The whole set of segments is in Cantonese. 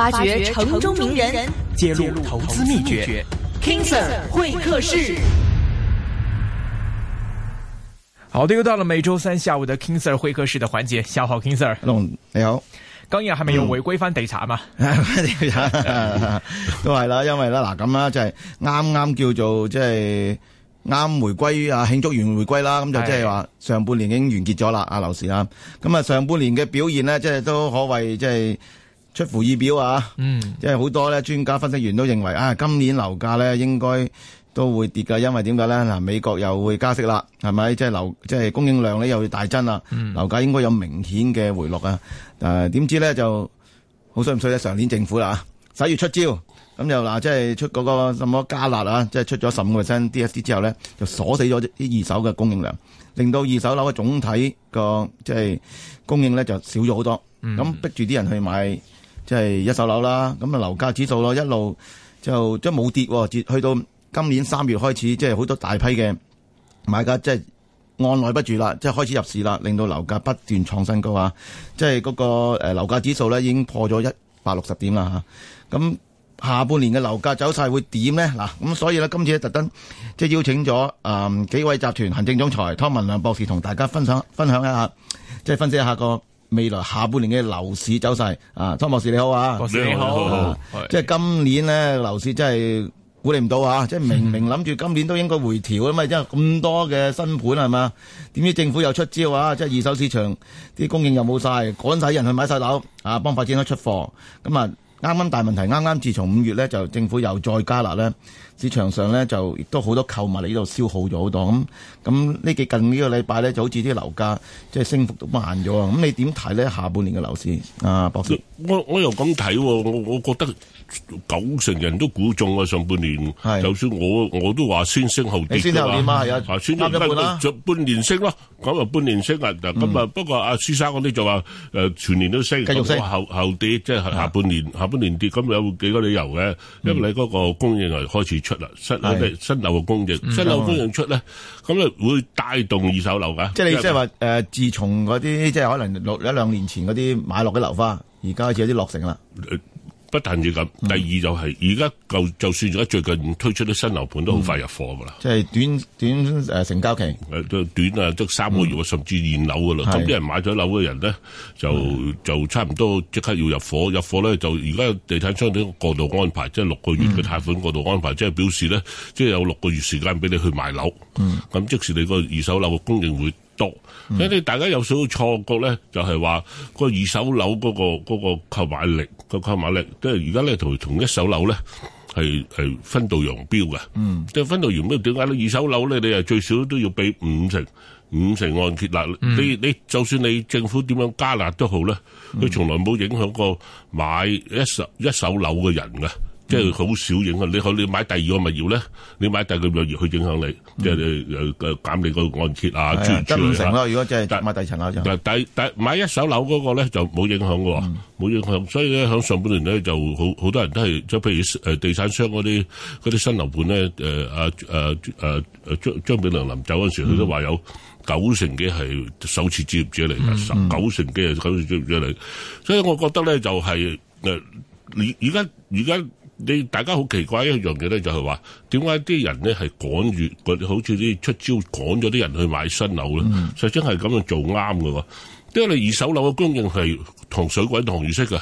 發掘城中名人，揭露投資秘訣。秘 King Sir 會客室，好的，又到了每周三下午的 King Sir 會客室的環節。小好，King Sir，你好。今日 Hello? Hello? 係咪要回歸返地產啊？調 Hello? 都係啦，因為啦，嗱咁啦，就係啱啱叫做即係啱回歸啊，慶祝完回歸啦，咁就即係話上半年已經完結咗啦啊，樓市啦，咁啊，上半年嘅表現呢即係、就是、都可謂即係。出乎意表啊！嗯，即係好多咧專家、分析員都認為啊，今年樓價咧應該都會跌嘅，因為點解咧？嗱，美國又會加息啦，係咪？即係樓，即係供應量咧又要大增啦，樓價應該有明顯嘅回落啊！誒，點知咧就好衰唔衰咧？上年政府啦，十月出招，咁又嗱，即係出嗰個什麼加辣啊，即係出咗十五個 percent DSD 之後咧，就鎖死咗啲二手嘅供應量，令到二手樓嘅總體個即係供應咧就少咗好多，咁逼住啲人去買。即係一手樓啦，咁啊樓價指數咯，一路就即係冇跌喎，去到今年三月開始，即係好多大批嘅買家即係、就是、按捺不住啦，即、就、係、是、開始入市啦，令到樓價不斷創新高啊！即係嗰個誒樓價指數咧已經破咗一百六十點啦吓，咁下半年嘅樓價走勢會點呢？嗱？咁所以咧今次咧特登即係邀請咗誒、嗯、幾位集團行政總裁湯文亮博士同大家分享分享一下，即、就、係、是、分析一下個。未來下半年嘅樓市走勢，啊，湯博士你好啊，博士你好，即係今年呢，樓市真係估你唔到啊！即係是明明諗住今年都應該回調啊，啊，即係咁多嘅新盤係嘛，點知政府又出招啊！即係二手市場啲供應又冇晒，趕晒人去買晒樓啊，幫發展商出貨。咁啊，啱啱大問題，啱啱自從五月呢，就政府又再加勒咧。市場上咧就亦都好多購物喺度消耗咗好多，咁咁呢幾近呢個禮拜咧就好似啲樓價即係升幅都慢咗啊！咁你點睇咧下半年嘅樓市啊，博士，我我又咁睇喎，我我覺得九成人都估中啊！上半年，就算我我都話先升後跌㗎嘛，係啊，啱咗啦，就半年升咯，咁啊半年升啊，咁啊不過阿施生嗰啲就話誒全年都升，繼續升，咁後後跌，即係下半年下半年跌，咁有幾個理由嘅，因為你嗰個供應係開始。出啦，出我哋新樓嘅供應，新樓供應出咧，咁咧會帶動二手樓㗎、嗯為呃。即係你即係話誒自從嗰啲即係可能六一兩年前嗰啲買落嘅樓花，而家開始有啲落成啦。不但要咁，第二就係而家就就算而家最近推出啲新樓盤都好快入貨噶啦，即係、嗯就是、短短、呃、成交期都短啊，即三個月、嗯、甚至現樓噶啦。咁啲是人買咗樓嘅人咧，就、嗯、就差唔多即刻要入貨，入貨咧就而家地產商都過度安排，即係六個月嘅貸款過度安排，即係、嗯、表示咧，即、就、係、是、有六個月時間俾你去買樓。咁、嗯、即使你個二手樓嘅供應會多，所以、嗯、大家有少少錯覺咧，就係、是、話、那個二手樓嗰、那個嗰、那個購買力，那個購買力即係而家咧同同一手樓咧係係分道揚鑣嘅。嗯，即係分道揚鑣，點解咧？二手樓咧，你係最少都要俾五成五成按揭嗱、嗯，你你就算你政府點樣加壓都好咧，佢從來冇影響過買一手一手樓嘅人嘅。即係好少影響你，可你買第二個物業咧，你買第二個物業，去影響你，嗯、即係又又減你個按揭啊、住住樓啦。五成咯，如果即係買第二層樓就。但係但買一手樓嗰個咧就冇影響嘅喎，冇、嗯、影響，所以咧，喺上半年咧就好好多人都係，即譬如，誒地產商嗰啲嗰啲新樓盤咧，誒啊誒誒、啊啊、張張炳良臨走嗰陣時，佢、嗯、都話有九成幾係首次置業者嚟，嗯、十、嗯、九成幾係首次置業者嚟。所以我覺得咧就係誒而家而家。你大家好奇怪一樣嘢咧，就係話點解啲人咧係趕住，好似啲出招趕咗啲人去買新樓咧？嗯、實質係咁樣做啱㗎喎，因為你二手樓嘅供應，係同水鬼同預色㗎。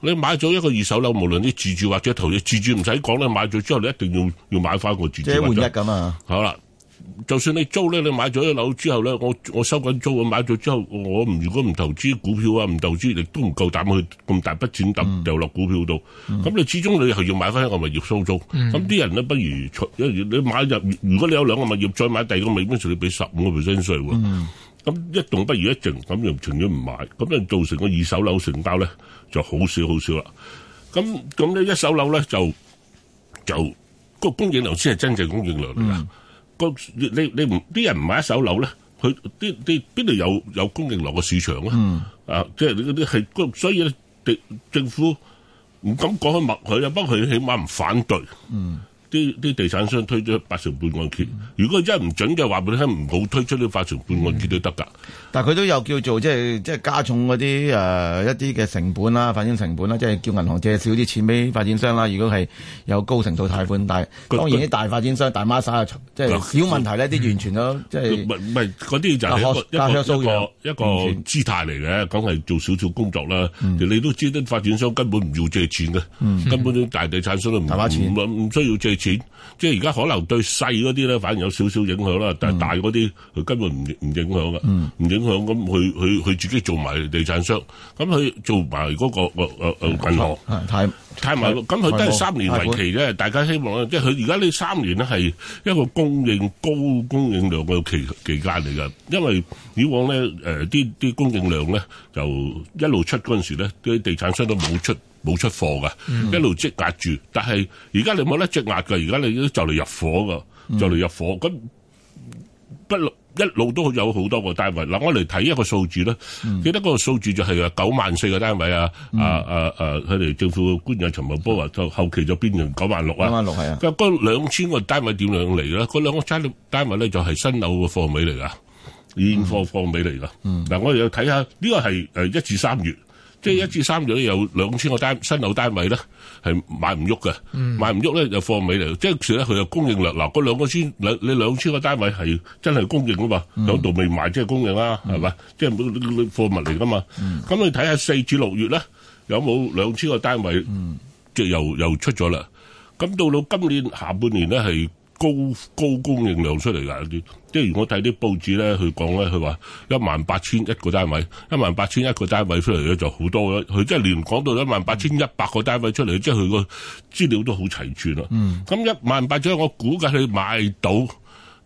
你買咗一個二手樓，無論你自住或者投資，自住唔使講啦，買咗之後你一定要要買翻個自住者。即係換一咁啊！好啦。就算你租咧，你買咗一樓之後咧，我我收緊租啊。買咗之後，我唔如果唔投資股票啊，唔投資亦都唔夠膽去咁大筆錢抌掉落股票度。咁你始終你係要買翻一個物業收租。咁啲人咧，不如一你買入，如果你有兩個物業，再買第二個物業，最少你俾十五個 percent 稅喎。咁一動不如一靜，咁就存咗唔買，咁樣造成個二手樓成交咧就好少好少啦。咁咁咧，一手樓咧就就個供應量先係真正供應量嚟噶。個你你唔啲人唔買一手樓咧，佢啲啲邊度有有供應樓嘅市場啊？嗯，啊，即係你嗰啲係，所以咧，政政府唔敢講佢默許啊，不過佢起碼唔反對。嗯。啲啲地產商推咗八成半按揭，如果真係唔準嘅話，俾佢唔好推出呢八成半按揭都得㗎。但佢都有叫做即係即係加重嗰啲誒一啲嘅成本啦，發展成本啦，即係叫銀行借少啲錢俾發展商啦。如果係有高程度貸款，但係當然啲大，大發展商、大孖沙即係小問題呢，啲收、嗯、完全都即係唔係嗰啲就係一個一個一個姿態嚟嘅，講係做少少工作啦。嗯、你都知啲發展商根本唔要借錢嘅，嗯、根本啲大地產商都唔唔唔需要借錢。錢，即係而家可能對細嗰啲咧，反而有少少影響啦。但係大嗰啲佢根本唔唔影響噶，唔影響，咁佢佢佢自己做埋地產商，咁佢做埋嗰個誒誒銀行，太太埋咁佢都係三年為期咧。大家希望咧即係佢而家呢三年咧係一個供應高供應量嘅期期間嚟噶。因為以往咧誒啲啲供應量咧就一路出嗰陣時咧啲地產商都冇出。冇出貨噶，一路積壓住。但係而家你冇得積壓噶，而家你都就嚟入伙噶，就嚟、嗯、入伙，咁不一路都有好多個單位。嗱，我嚟睇一個數字啦。嗯、記得個數字就係九萬四個單位、嗯、啊！啊啊佢哋政府官員陳茂波話：就後期就變成九萬六啊！九萬六係啊！咁嗰兩千個單位點樣嚟咧？嗰兩個單位咧就係新樓嘅貨尾嚟㗎，嗯、現貨貨尾嚟噶。嗱、嗯，我哋要睇下呢個係一至三月。即係一至三月咧有兩千個單新樓單位咧，係買唔喐嘅，買唔喐咧就貨尾嚟。即係所以咧，佢就供應啦嗱，嗰兩個先，你兩千個單位係真係供應啊嘛，有度未賣即係供應啊，係嘛？即係貨物嚟噶嘛。咁你睇下四至六月咧有冇兩千個單位，即係又又出咗啦。咁到到今年下半年咧係。高高供應量出嚟㗎啲，即係如果睇啲報紙咧，佢講咧，佢話一萬八千一個單位，一萬八千一個單位出嚟咧就好多啦。佢即係連講到一萬八千一百個單位出嚟，即係佢個資料都好齊全啦。咁一、嗯、萬八咗我估計佢賣到，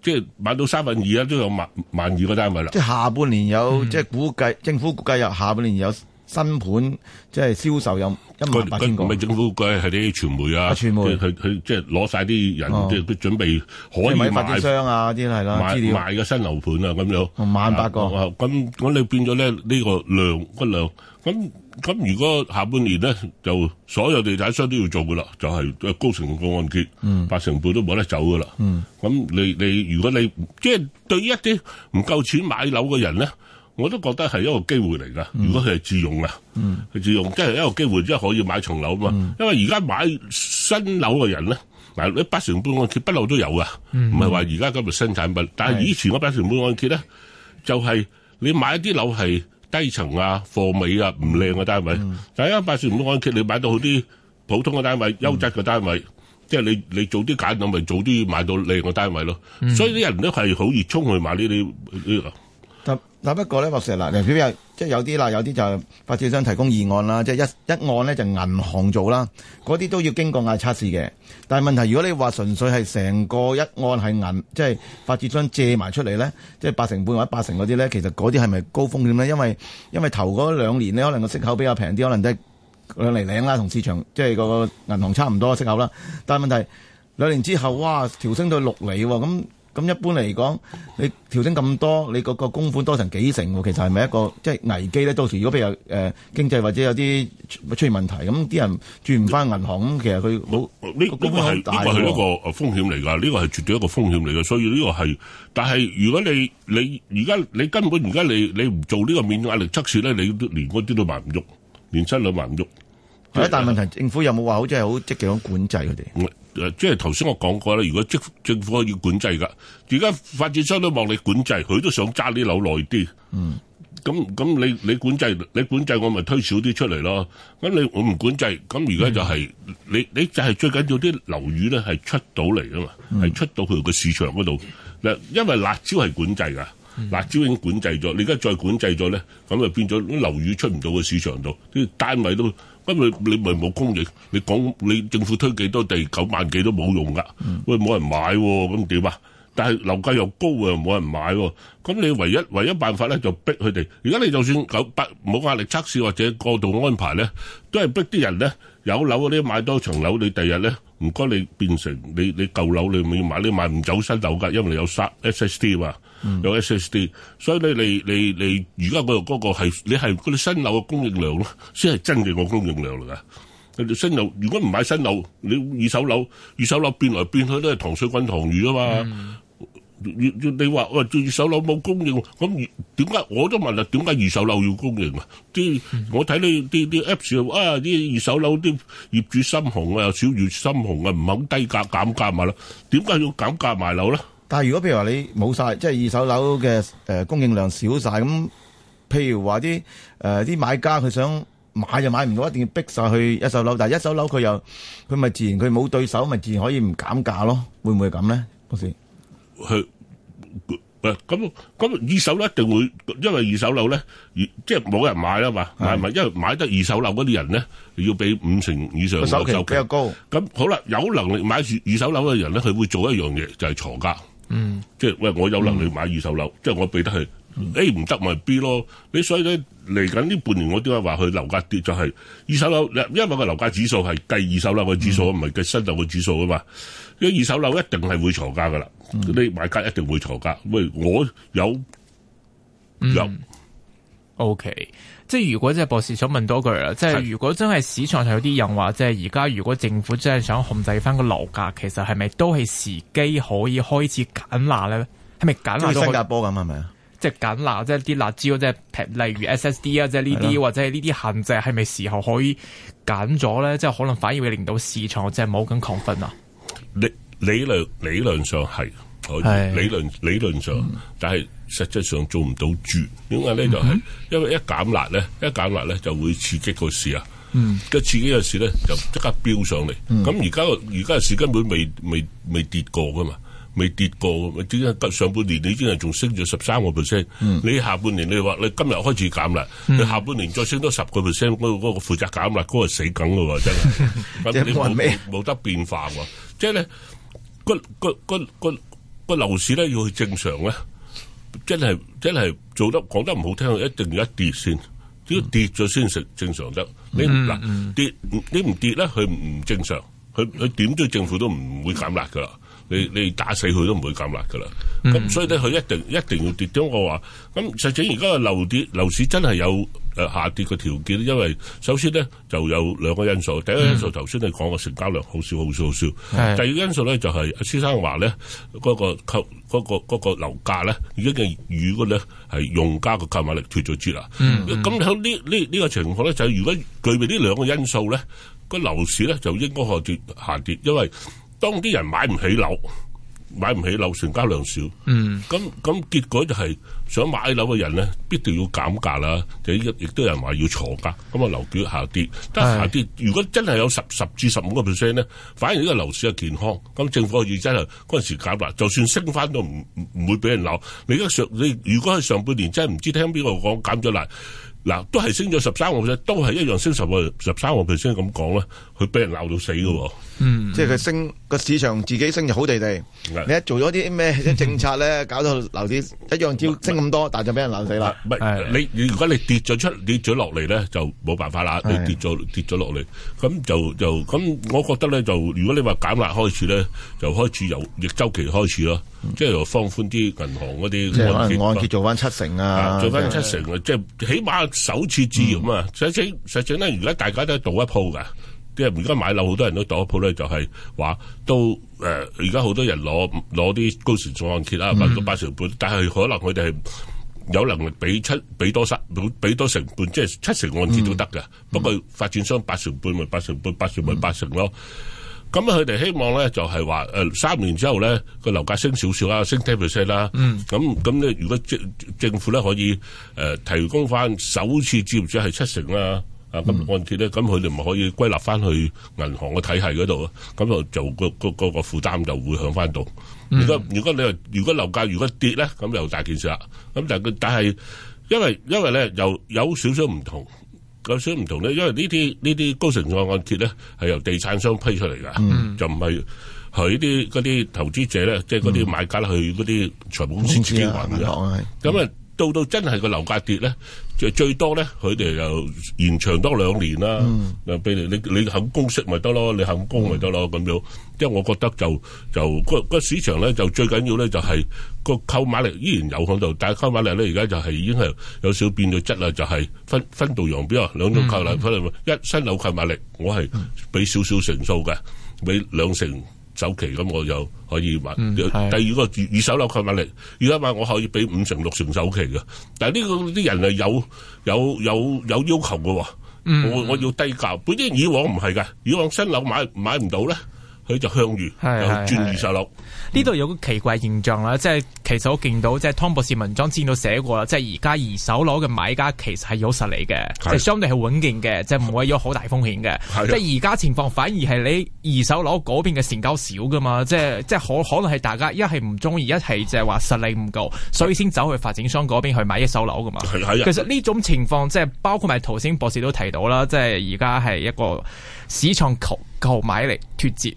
即係賣到三分二都有萬二個單位啦。即係下半年有，嗯、即係估計政府估計有下半年有。新盤即係銷售有一萬八千個，唔係政府，佢係啲傳媒啊，佢佢即係攞晒啲人，即係佢準備可以賣商啊嗰啲係咯，賣賣嘅新樓盤啊咁樣，萬八、哦、個。咁咁你變咗咧？呢個量個量，咁咁如果下半年咧，就所有地產商都要做噶啦，就係、是、高成個按揭，嗯、八成半都冇得走噶啦。咁、嗯、你你如果你即係對一啲唔夠錢買樓嘅人咧？我都覺得係一個機會嚟噶。如果佢係自用啊，佢、嗯、自用即係、就是、一個機會，即、就、係、是、可以買層樓啊嘛。嗯、因為而家買新樓嘅人咧，嗱你八成半按揭，不嬲都有啊。唔係話而家今日新產品，是但係以前嗰八成半按揭咧，就係、是、你買一啲樓係低層啊、貨尾啊、唔靚嘅單位。嗯、但係一八成半按揭，你買到好啲普通嘅單位、優質嘅單位，嗯、即係你你早啲揀，咪早啲買到靚嘅單位咯。嗯、所以啲人都係好熱衷去買呢啲呢個。嗱，不過咧，話實嗱，你小姐即係有啲啦，有啲就發展商提供二按啦，即係一一按呢，就是、銀行做啦，嗰啲都要經過壓測試嘅。但係問題，如果你話純粹係成個一按係銀，即、就、係、是、發展商借埋出嚟咧，即、就、係、是、八成半或者八成嗰啲咧，其實嗰啲係咪高風險咧？因為因為頭嗰兩年呢，可能個息口比較平啲，可能都兩厘零啦，同市場即係、就是、個銀行差唔多嘅息口啦。但係問題兩年之後，哇，調升到六厘喎咁。嗯咁一般嚟講，你調整咁多，你個個供款多成幾成喎？其實係咪一個即係危機咧？到時如果譬如誒、呃、經濟或者有啲出現問題，咁啲人轉唔翻銀行，咁那其實佢冇呢個係呢、這個係一個風險嚟㗎。呢、這個係絕對一個風險嚟㗎。所以呢個係，但係如果你你而家你根本而家你你唔做呢個免壓力測試咧，你都連嗰啲都賣唔喐，連出兩賣唔喐。係啊，但問題政府有冇話好即係好積極咁管制佢哋？誒，即係頭先我講過啦，如果政政府可以管制㗎，而家發展商都望你管制，佢都想揸啲樓耐啲。嗯，咁咁你你管制，你管制我咪推少啲出嚟咯。咁你我唔管制，咁而家就係、是嗯、你你就係最緊要啲樓宇咧係出到嚟㗎嘛，係、嗯、出到去個市場嗰度。嗱，因為辣椒係管制㗎。辣椒已經管制咗，你而家再管制咗咧，咁就變咗啲樓宇出唔到嘅市場度啲單位都咁，你你咪冇供應。你講你政府推幾多地九萬幾都冇用噶，喂冇人買喎，咁點啊？但係樓價又高啊，又冇人買喎，咁你唯一唯一辦法咧就逼佢哋。而家你就算九不冇壓力測試或者過度安排咧，都係逼啲人咧有樓嗰啲買多層樓。你第日咧唔該，你變成你你舊樓你咪要買你買唔走新樓㗎，因為你有沙 SSD 嘛。有 SSD，所以咧，你你你，而家嗰個嗰個係你係嗰啲新樓嘅供應量咯，先係真嘅個供應量嚟噶。新樓如果唔買新樓，你二手樓，二手樓變來變去都係糖水滾糖魚啊嘛。你你話喂，做二手樓冇供應，咁點解我都問啦？點解二手樓要供應啊？啲我睇你啲啲 Apps 啊，啲二手樓啲業主心紅啊，有少少心紅啊，唔肯低價減價賣啦。點解要減價賣樓咧？但如果譬如話你冇晒，即係二手樓嘅供應量少晒，咁，譬如話啲誒啲買家佢想買就買唔到，一定要逼晒去一手樓。但一手樓佢又佢咪自然佢冇對手，咪自然可以唔減價咯。會唔會咁咧？嗰佢咁咁二手咧，一定會因為二手樓咧，即係冇人買啦嘛，係咪是？因為買得二手樓嗰啲人咧，要俾五成以上嘅首期就比較高。咁好啦，有能力買住二手樓嘅人咧，佢會做一樣嘢，就係、是、鋤價。嗯，即係喂，我有能力買二手樓，嗯、即係我俾得佢、嗯、A 唔得咪 B 咯。你所以咧，嚟緊呢半年我，我點解話佢樓價跌就係、是、二手樓？因為個樓價指數係計二手樓嘅指數，唔係計新樓嘅指數啊嘛。因為二手樓一定係會吵價噶啦，嗯、你買家一定會吵價。喂，我有有、嗯、OK。即係如果即係博士想問多句啦，即係如果真係市場上有啲人話，即係而家如果政府真係想控制返個樓價，其實係咪都係時機可以開始減辣咧？係咪減辣都？即係新加坡咁係咪啊？即係減辣，即係啲辣椒，即係譬如 SSD 啊，即係呢啲或者係呢啲限制，係咪時候可以減咗咧？即係可能反而會令到市場即係冇咁亢奮啊？理理論理論上係，理論的理論上，論上嗯，但係。實質上做唔到住，點解咧？就係因為一減辣咧，一減辣咧就會刺激個市啊，一刺激個市咧就即刻飆上嚟。咁而家而家個市根本未未未跌過噶嘛，未跌過，點解上半年你已經係仲升咗十三個 percent，你下半年你話你今日開始減辣，你下半年再升多十個 percent，嗰個嗰個負責減辣嗰個死梗噶喎，真係即係你冇冇得變化喎，即係咧個個個個個樓市咧要去正常咧。真係真係做得講得唔好聽，一定要一跌先，只、嗯、要跌咗先食正常得。你唔嗱跌，你唔跌咧，佢唔正常。佢佢點對政府都唔會減辣噶啦。你你打死佢都唔會減辣噶啦。咁、嗯、所以咧，佢一定一定要跌。咁我話，咁實際而家個樓跌樓市真係有。誒，下跌嘅條件，因為首先咧就有兩個因素，第一個因素頭先、嗯、你講嘅成交量好少好少好少，的第二個因素咧就係阿先生話咧，嗰、嗰個、嗰個嗰、嗰個嗰、嗰個、樓價咧已經係與嗰啲係用家嘅購買力脱咗節啦。咁喺呢呢呢個情況咧，就如果具備呢兩個因素咧，個樓市咧就應該下跌，因為當啲人買唔起樓。買唔起樓，成交量少，咁咁、嗯、結果就係想買樓嘅人咧，必定要減價啦。就依家亦都有人話要坐價，咁啊樓價下跌，但係下跌。是如果真係有十十至十五個 percent 咧，反而呢個樓市係健康。咁政府要真係嗰陣時減辣，就算升翻，都唔唔唔會俾人鬧。你家上你如果係上半年真係唔知聽邊個講減咗辣，嗱，都係升咗十三個 percent，都係一樣升十個十三個 percent 咁講啦，佢俾人鬧到死噶。嗯，即係佢升個市場自己升就好地地。你一做咗啲咩政策咧，搞到樓市一樣照升咁多，但就俾人鬧死啦。唔係你，如果你跌咗出跌咗落嚟咧，就冇辦法啦。你跌咗跌咗落嚟，咁就就咁，我覺得咧就如果你話減壓開始咧，就開始由逆周期開始咯，即係放寬啲銀行嗰啲按揭，按揭做翻七成啊，做翻七成啊，即係起碼首次置業啊，實際實際咧，而家大家都係賭一鋪噶。啲啊！而家買樓好多人都躲鋪咧，就係話都誒，而家好多人攞攞啲高成數按揭啦，八八成半，嗯、但係可能佢哋係有能力俾七俾多三，俾多成半，即係七成按揭都得嘅。嗯、不過發展商八成半咪八成半，嗯、八成咪八成咯。咁佢哋希望咧就係話誒，三年之後咧個樓價升少少啦、啊，升七 percent 啦。咁咁咧，嗯、如果政府咧可以誒、呃、提供翻首次置業者係七成啦、啊。啊咁按揭咧，咁佢哋咪可以歸納翻去銀行嘅體系嗰度咯，咁就就個個個負擔就會響翻度、嗯。如果如果你話如果樓價如果跌咧，咁又大件事啦。咁但係但係因為因為咧又有，有少少唔同，有少少唔同咧，因為呢啲呢啲高成本按揭咧係由地產商批出嚟噶，嗯、就唔係佢啲嗰啲投資者咧，即係嗰啲買家去嗰啲財務公司自己還嘅。咁啊。嗯麼到到真係個樓價跌咧，最最多咧，佢哋就延長多兩年啦。嗱，譬如你你肯供息咪得咯，你肯供咪得咯，咁樣。即係我覺得就就個個市場咧就最緊要咧就係個購買力依然有喺度，就但係購買力咧而家就係已經係有少少變咗質啦，就係分分道揚鑣啊，兩種購買力可能一新樓購買力，我係俾少少成數嘅，俾兩成。首期咁我就可以買，嗯、第二個二手樓購買嚟，如果買我可以俾五成六成首期嘅，但係呢個啲人係有有有有要求嘅，我我要低價，本啲以往唔係嘅，以往新樓買買唔到咧。佢就香遇，又專注細樓。呢度、嗯、有個奇怪現象啦，即係、嗯、其實我見到即係、就是、湯博士文章之前都寫過啦，即係而家二手樓嘅買家其實係有實力嘅，即係的相對係穩健嘅，即係唔會有好大風險嘅。即係而家情況反而係你二手樓嗰邊嘅成交少噶嘛，的即係即係可可能係大家一係唔中意，一係就係話實力唔夠，所以先走去發展商嗰邊去買一手樓噶嘛。的其實呢種情況即係、就是、包括埋頭先博士都提到啦，即係而家係一個市場求購買力脫節。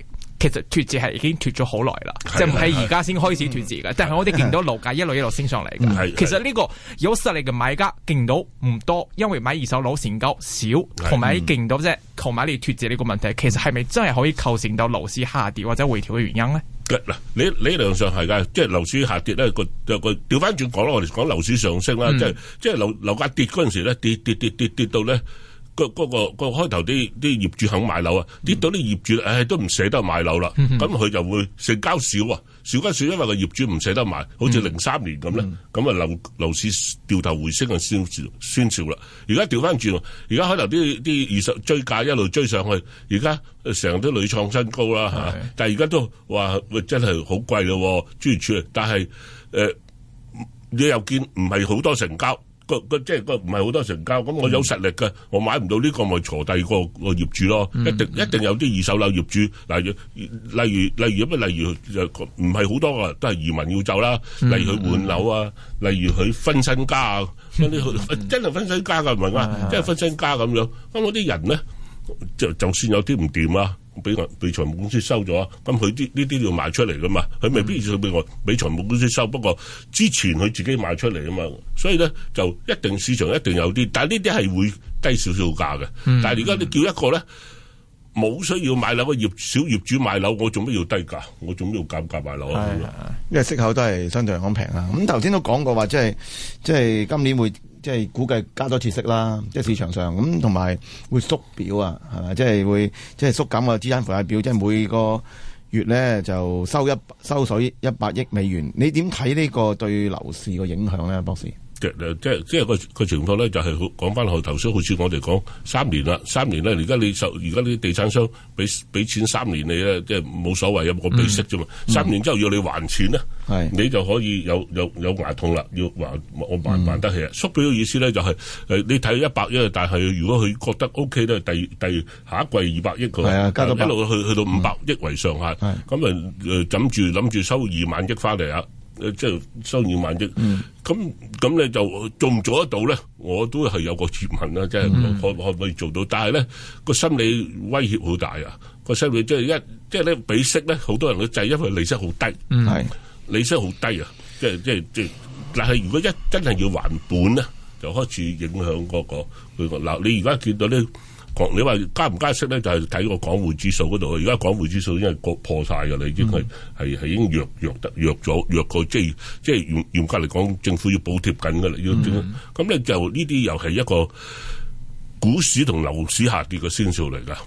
其實脫節係已經脫咗好耐啦，就唔係而家先開始脫節噶。是是是是但係我哋見到樓價一路一路升上嚟噶。是是是其實呢個有實力嘅買家勁到唔多，因為買二手樓成交少，同埋勁到啫。同埋你脫節呢個問題，其實係咪真係可以構成到樓市下跌或者回調嘅原因咧？嗱，你你理論上係噶，即係樓市下跌咧個個調翻轉講啦，我哋講樓市上升啦、嗯，即係即係樓樓價跌嗰陣時咧跌跌跌跌跌到咧。嗰個、嗰個、嗰個開頭啲啲業主肯買樓啊，跌、嗯、到啲業主，誒都唔捨得買樓啦。咁佢、嗯、哼就會成交少啊，少加少，因為個業主唔捨得買。好似零三年咁咧，咁啊樓樓市掉頭回升啊，宣宣召啦。而家調翻轉，而家開頭啲啲二手追價一路追上去，而家成日都屢創新高啦是、啊、但而家都話，喂真係好貴咯、啊，住處但係誒、呃，你又見唔係好多成交。個個即係個唔係好多成交，咁我有實力嘅，我買唔到呢個咪坐第二個個業主咯，一定一定有啲二手樓業主，嗱，例如例如例如乜，例如就唔係好多㗎都係移民要走啦，例如佢換樓啊，例如佢分身家啊，嗰啲真係分身家嘅唔係啱，真係分身家咁樣，咁嗰啲人咧就就算有啲唔掂啊。俾我俾財務公司收咗啊！咁佢啲呢啲要賣出嚟噶嘛？佢未必須要俾我俾財務公司收。不過之前佢自己賣出嚟啊嘛，所以咧就一定市場一定有啲，但係呢啲係會低少少價嘅。嗯、但係而家你叫一個咧冇需要買樓嘅業小業主買樓，我做咩要低價？我做咩要減價賣樓啊？因為息口都係相對嚟講平啊！咁頭先都講過話，即係即係今年會。即係估計加多次息啦，即係市場上咁，同埋會縮表啊，係咪？即係會即係縮減個資產負債表，即係每個月咧就收一收水一百億美元。你點睇呢個對樓市個影響咧，博士？嘅，即係即係個個情況咧，就係講翻去，頭先好似我哋講三年啦，三年咧，而家你受，而家啲地產商俾俾錢三年你咧，即係冇所謂，有個利息啫嘛。嗯、三年之後要你還錢咧，嗯、你就可以有有有牙痛啦，要還我還、嗯、還得起啊。縮表嘅意思咧，就係、是、誒、呃，你睇一百億，但係如果佢覺得 OK 咧，第第下一季二百億，佢、啊、一路去、嗯、去到五百億為上限，咁、嗯、啊誒諗、呃、住諗住收二萬億翻嚟啊！誒，即係收二萬億，咁咁你就做唔做得到咧？我都係有個疑問啦，即係可可唔可以做到？但係咧個心理威脅好大啊！個心理即係一即係咧比息咧，好多人去制，因為利息好低，係利息好低啊！即係即係即係，但係如果一真係要還本咧，就開始影響嗰個嗱。你而家見到咧。你話加唔加息咧，就係睇個港匯指數嗰度。而家港匯指數已經係破晒噶啦，已經係係係已經弱弱得弱咗，弱過即係即係原嚴格嚟講，政府要補貼緊噶啦。要咁咧、嗯、就呢啲又係一個股市同樓市下跌嘅先兆嚟噶。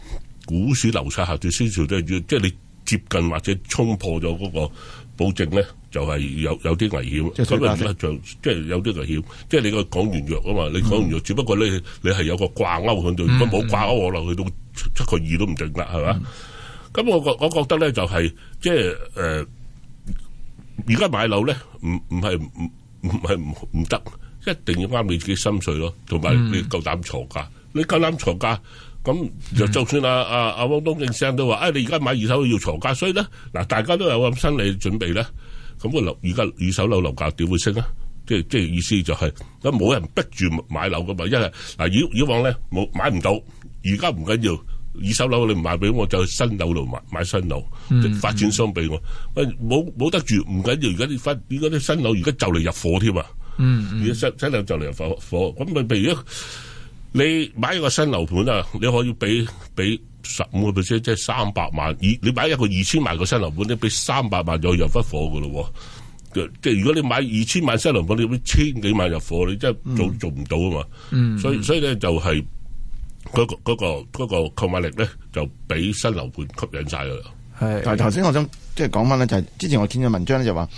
股市、樓市下跌先兆都係要，即係你接近或者衝破咗嗰個保證咧。就係有有啲危險、就是，就即、是、係有啲危險。即、就、係、是、你個講完藥啊嘛，哦、你講完藥，只不過你你係有個掛鈎喺度，如果冇掛鈎我落去都七個二都唔定啦，係嘛？咁我我覺得咧，就係、是、即係誒，而、呃、家買樓咧，唔唔係唔係唔唔得，一定要啱你自己心水咯，同埋你夠膽鋤價，你夠膽鋤價，咁就，就算啊啊啊！啊汪東正先生都話：，啊、哎，你而家買二手要鋤價，所以咧，嗱，大家都有咁心理準備咧。咁個樓，而家二手樓樓價點會升啊？即係即係意思就係，咁冇人逼住買樓噶嘛。一係嗱，以以往咧冇買唔到，而家唔緊要。二手樓你唔買俾我，就去新樓度買買新樓，發展商俾我。喂，冇冇得住唔緊要。而家啲發而家啲新樓而家就嚟入貨添啊！嗯而家新樓樓就嚟入貨，咁咪譬如你買一個新樓盤啊，你可以俾俾。十五個 percent 即係三百萬，你買一個二千萬個新樓盤，你俾三百萬就入不貨噶咯。即係如果你買二千萬新樓盤，你俾千幾萬入貨你真係做、嗯、做唔到啊嘛、嗯所。所以所以咧就係、是、嗰、嗰個嗰、嗰個、嗰個購買力咧就俾新樓盤吸引晒噶啦。係的，但係頭先我想即係講翻咧，就係、是、之前我見嘅文章咧就話，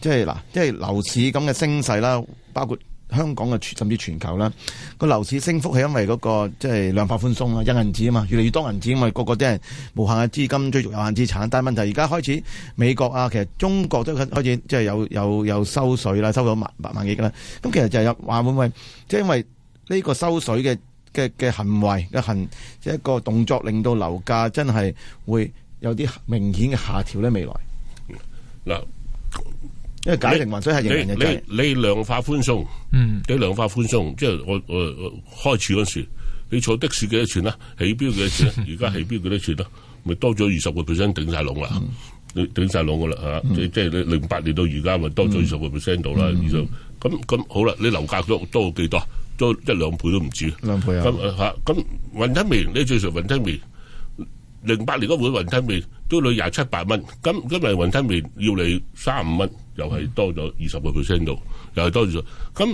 即係嗱，即係樓市咁嘅升勢啦，包括。香港嘅甚至全球啦，個樓市升幅係因為嗰、那個即係、就是、量化寬鬆啊，印銀紙啊嘛，越嚟越多銀紙，因為個個都係無限嘅資金追逐有限資產，但係問題而家開始美國啊，其實中國都開始即係有有有收水啦，收咗百百萬億啦，咁其實就係有話會唔會即係因為呢個收水嘅嘅嘅行為嘅行即係一個動作，令到樓價真係會有啲明顯嘅下調咧未來嗱。No. 因為解鈴還須繫繫人嘅你你量化寬鬆，嗯，你量化寬鬆，嗯，即係我我，我開始嗰時候，你坐的士幾多錢啦？起標幾多錢？而家 起標幾多錢啦？咪多咗二十個 percent 頂晒籠啦，頂晒籠噶啦吓。即係零八年到而家咪多咗二十個 percent 到啦，二十咁咁好啦。你樓價都多幾多？多一兩倍都唔止。兩倍啊咁！吓咁雲吞麵，你最熟雲吞麵。零八年嗰會雲吞麵。嗰女廿七八蚊，咁今日雲吞麵要你卅五蚊，又係多咗二十個 percent 度，又係多咗。咁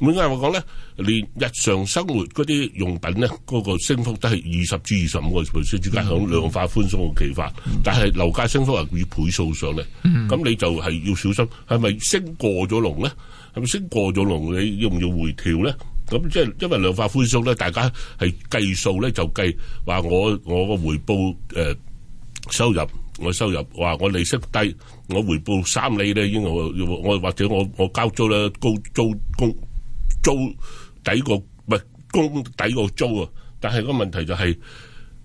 點解我講咧，連日常生活嗰啲用品咧，嗰個升幅都係二十至二十五個 percent 之間，響量化寬鬆嘅期發。但係樓價升幅係以倍數上嚟，咁你就係要小心，係咪升過咗龍咧？係咪升過咗龍？你要唔要回調咧？咁即係因為量化寬鬆咧，大家係計數咧就計話我我個回報誒。收入我收入話我利息低我回報三厘咧，已經我我或者我我交租咧，高租供租抵個唔係供抵個租啊，但係個問題就係、是、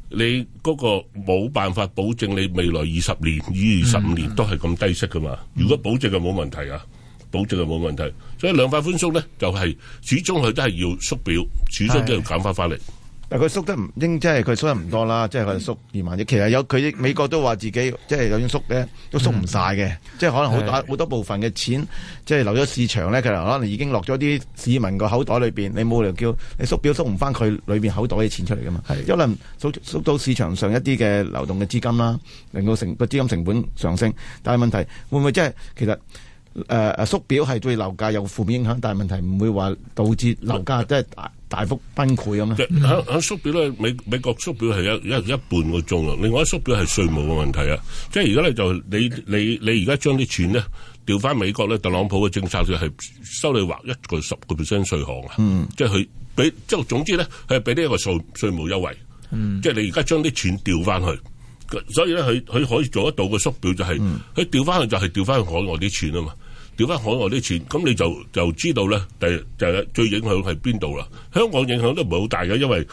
你嗰個冇辦法保證你未來二十年、二十五年都係咁低息噶嘛？嗯、如果保證就冇問題啊，保證就冇問題。所以量化寬鬆咧，就係、是、始終佢都係要縮表，始終都要減翻翻嚟。但佢縮得唔應，即係佢縮得唔多啦，嗯、即係佢縮二萬億。其實有佢美國都話自己即係有種縮咧，都縮唔晒嘅。嗯、即係可能好多好是的 多部分嘅錢，即係留咗市場咧，其實可能已經落咗啲市民個口袋裏邊。你冇理由叫你縮表縮唔翻佢裏邊口袋嘅錢出嚟噶嘛？是的 可能縮縮到市場上一啲嘅流動嘅資金啦，令到成個資金成本上升。但係問題會唔會即係其實誒誒、呃、縮表係對樓價有負面影響，但係問題唔會話導致樓價即係、嗯就是大幅崩潰咁樣！喺喺縮表咧，美美國縮表係一一一半個鐘啊！另外一縮表係稅務嘅問題啊！嗯、即係而家咧就你你你而家將啲錢咧調翻美國咧，特朗普嘅政策就係收你劃一個十個 percent 稅項啊！即係佢俾即係總之咧，佢係俾呢一個稅稅務優惠。嗯、即係你而家將啲錢調翻去，所以咧佢佢可以做得到嘅縮表就係佢調翻去就係調翻去海外啲錢啊嘛！掉翻海外啲錢，咁你就就知道咧，第就最影響係邊度啦？香港影響都唔係好大嘅，因為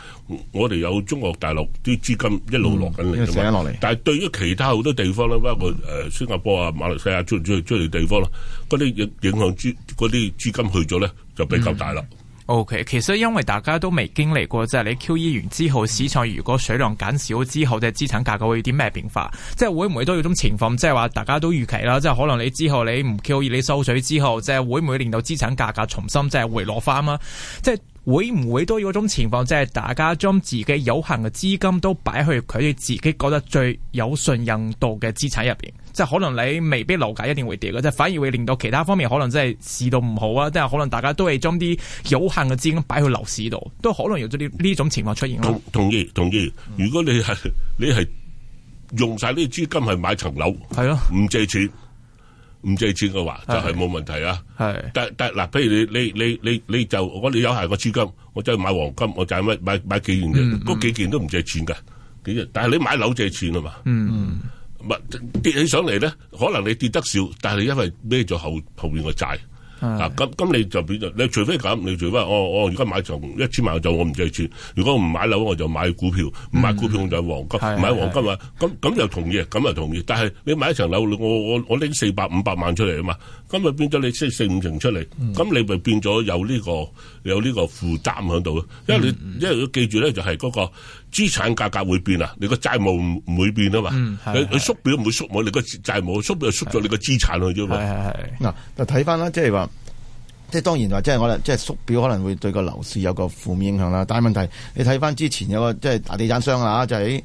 我哋有中國大陸啲資金一路落緊嚟㗎嘛。嗯、但係對於其他好多地方咧，包括誒新加坡啊、馬來西亞、諸如此類地方啦，嗰啲影影響資嗰啲資金去咗咧，就比較大啦。嗯 OK，其實因為大家都未經歷過，即係你 Q E 完之後，市場如果水量減少之後，即係資產價格會有啲咩變化？即係會唔會都有種情況？即係話大家都預期啦，即係可能你之後你唔 Q E 你收水之後，即係會唔會令到資產價格重新即係回落翻啦？即係會唔會都有種情況？即係大家將自己有限嘅資金都擺去佢哋自己覺得最有信任度嘅資產入面。即係可能你未必樓價一定會跌嘅，即係反而會令到其他方面可能真係市道唔好啊！即係可能大家都係將啲有限嘅資金擺去樓市度，都可能有咗呢呢種情況出現。同意同意，如果你係你係用晒呢啲資金去買層樓，係咯的，唔借錢唔借錢嘅話就係冇問題啊。但但嗱，譬如你你你你你就我你有限嘅資金，我就係買黃金，我就買買買幾件的，嗰、嗯、幾件都唔借錢嘅。但係你買樓借錢啊嘛。嗯。嗯唔跌起上嚟咧，可能你跌得少，但係因為孭咗後後邊個債啊，咁咁你就變咗，你除非咁，你除非哦哦，而家買層一千萬就我唔借錢，如果唔買樓我就買股票，唔買股票我就黃金，唔買黃金啊，咁咁又同意，咁又同意，但係你買一層樓，我我我拎四百五百萬出嚟啊嘛，咁咪變咗你四四五成出嚟，咁你咪變咗有呢個。有呢個負擔喺度，因為你、嗯、因為要記住咧，就係嗰個資產價格會變啊，你個債務唔會變啊嘛。你的縮縮你縮表唔會縮，我你個債務縮就縮咗你個資產去啫嘛。嗱，就睇翻，啦，即係話，即係當然話，即係我哋即係縮表可能會對個樓市有個負面影響啦。但係問題，你睇翻之前有個即係大地產商啊，就喺、是。就是